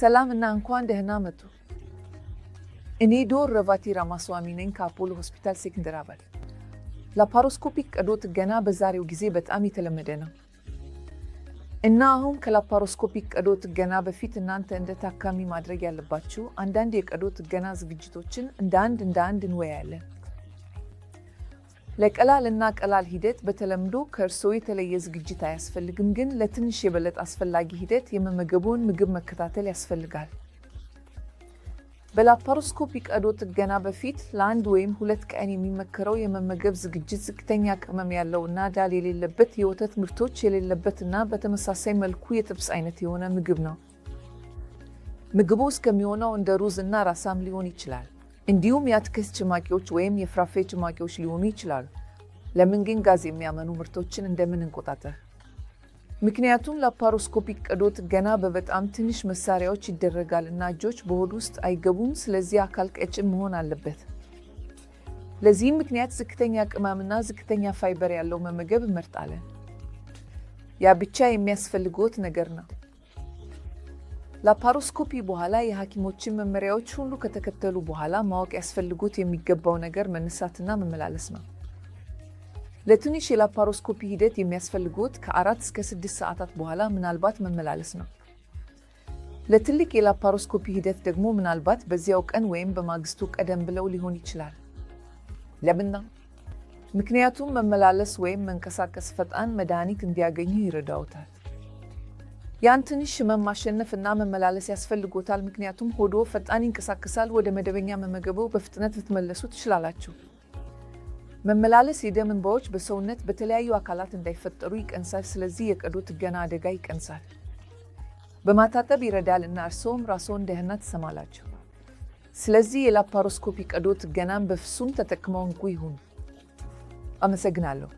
ሰላም እና እንኳን ደህና መጡ። እኔ ዶር ረቫቲ ራማስዋሚ ነኝ ከአፖሎ ሆስፒታል ሴኮንደራባድ። ላፓሮስኮፒክ ቀዶ ጥገና በዛሬው ጊዜ በጣም የተለመደ ነው እና አሁን ከላፓሮስኮፒክ ቀዶ ጥገና በፊት እናንተ እንደ ታካሚ ማድረግ ያለባችሁ አንዳንድ የቀዶ ጥገና ዝግጅቶችን እንደ አንድ እንደ አንድ እንወያለን። ለቀላል እና ቀላል ሂደት በተለምዶ ከእርስዎ የተለየ ዝግጅት አያስፈልግም፣ ግን ለትንሽ የበለጠ አስፈላጊ ሂደት የመመገቡን ምግብ መከታተል ያስፈልጋል። በላፓሮስኮፒ ቀዶ ጥገና በፊት ለአንድ ወይም ሁለት ቀን የሚመከረው የመመገብ ዝግጅት ዝቅተኛ ቅመም ያለው እና ዳል የሌለበት የወተት ምርቶች የሌለበት እና በተመሳሳይ መልኩ የጥብስ አይነት የሆነ ምግብ ነው። ምግቡ እስከሚሆነው እንደ ሩዝ እና ራሳም ሊሆን ይችላል። እንዲሁም የአትክልት ጭማቂዎች ወይም የፍራፍሬ ጭማቂዎች ሊሆኑ ይችላሉ። ለምን ግን ጋዝ የሚያመኑ ምርቶችን እንደምን እንቆጣጠር? ምክንያቱም ላፓሮስኮፒክ ቀዶ ጥገና በበጣም ትንሽ መሳሪያዎች ይደረጋል እና እጆች በሆድ ውስጥ አይገቡም። ስለዚህ አካል ቀጭን መሆን አለበት። ለዚህም ምክንያት ዝቅተኛ ቅመምና ዝቅተኛ ፋይበር ያለው መመገብ እመርጣለን። ያ ብቻ የሚያስፈልግዎት ነገር ነው። ላፓሮስኮፒ በኋላ የሐኪሞችን መመሪያዎች ሁሉ ከተከተሉ በኋላ ማወቅ ያስፈልጉት የሚገባው ነገር መነሳትና መመላለስ ነው። ለትንሽ የላፓሮስኮፒ ሂደት የሚያስፈልጉት ከአራት እስከ ስድስት ሰዓታት በኋላ ምናልባት መመላለስ ነው። ለትልቅ የላፓሮስኮፒ ሂደት ደግሞ ምናልባት በዚያው ቀን ወይም በማግስቱ ቀደም ብለው ሊሆን ይችላል። ለምና ምክንያቱም መመላለስ ወይም መንቀሳቀስ ፈጣን መድኃኒት እንዲያገኙ ይረዳውታል። ያን ትንሽ ህመም ማሸነፍና መመላለስ ያስፈልጎታል። ምክንያቱም ሆዶ ፈጣን ይንቀሳቀሳል። ወደ መደበኛ መመገበው በፍጥነት ልትመለሱ ትችላላችሁ። መመላለስ የደም እንባዎች በሰውነት በተለያዩ አካላት እንዳይፈጠሩ ይቀንሳል። ስለዚህ የቀዶ ጥገና አደጋ ይቀንሳል። በማታጠብ ይረዳል እና እርስዎም ራስዎን ደህና ትሰማላቸው። ስለዚህ የላፓሮስኮፒ ቀዶ ጥገናን በፍሱም ተጠቅመው እንቁ ይሁን። አመሰግናለሁ።